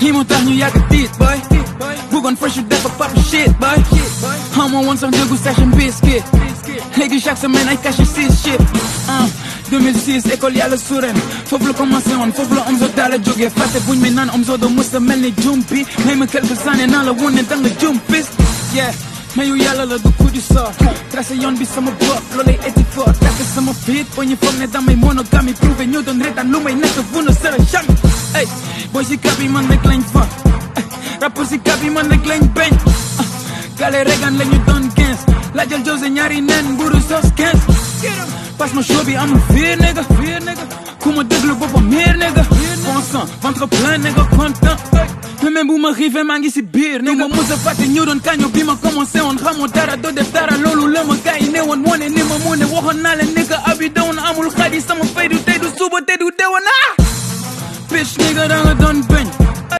He mo tell you I could this, boy. Who gon' fresh you death for poppin' shit, boy? I'm on one some degustation biscuit. Legi chaque semaine, I cash six shit. Uh, 2006, école y'a le surem. Faut v'le commencer on, faut v'le omzo dale jogue. Fate buñ mi nan omzo do musta mel ni jumpi. May me quelques années nan la wun dans le jumpis. Yeah. Mais you yalla la du coup du sort Tracé yon bi sama bopp loolay eti fort Tracé sama fit, poñi fom ne damay monogami Prouvé ñu doon reetaan lu may nekk vous ne serez jamais si capi man fa rappeur si man eh, regan La jose nyari nen guru sos 15 Pas ma show am fear nigga nega nega ku ma déglu boppam bon sang ventre plein nega content eh, même ma rive si nega a fàtte ñu doon kaño bi commencé on xamoo dara do def dara loolu Le ma ne ni ne amul sama fay du te du subo te du bitch nigga that done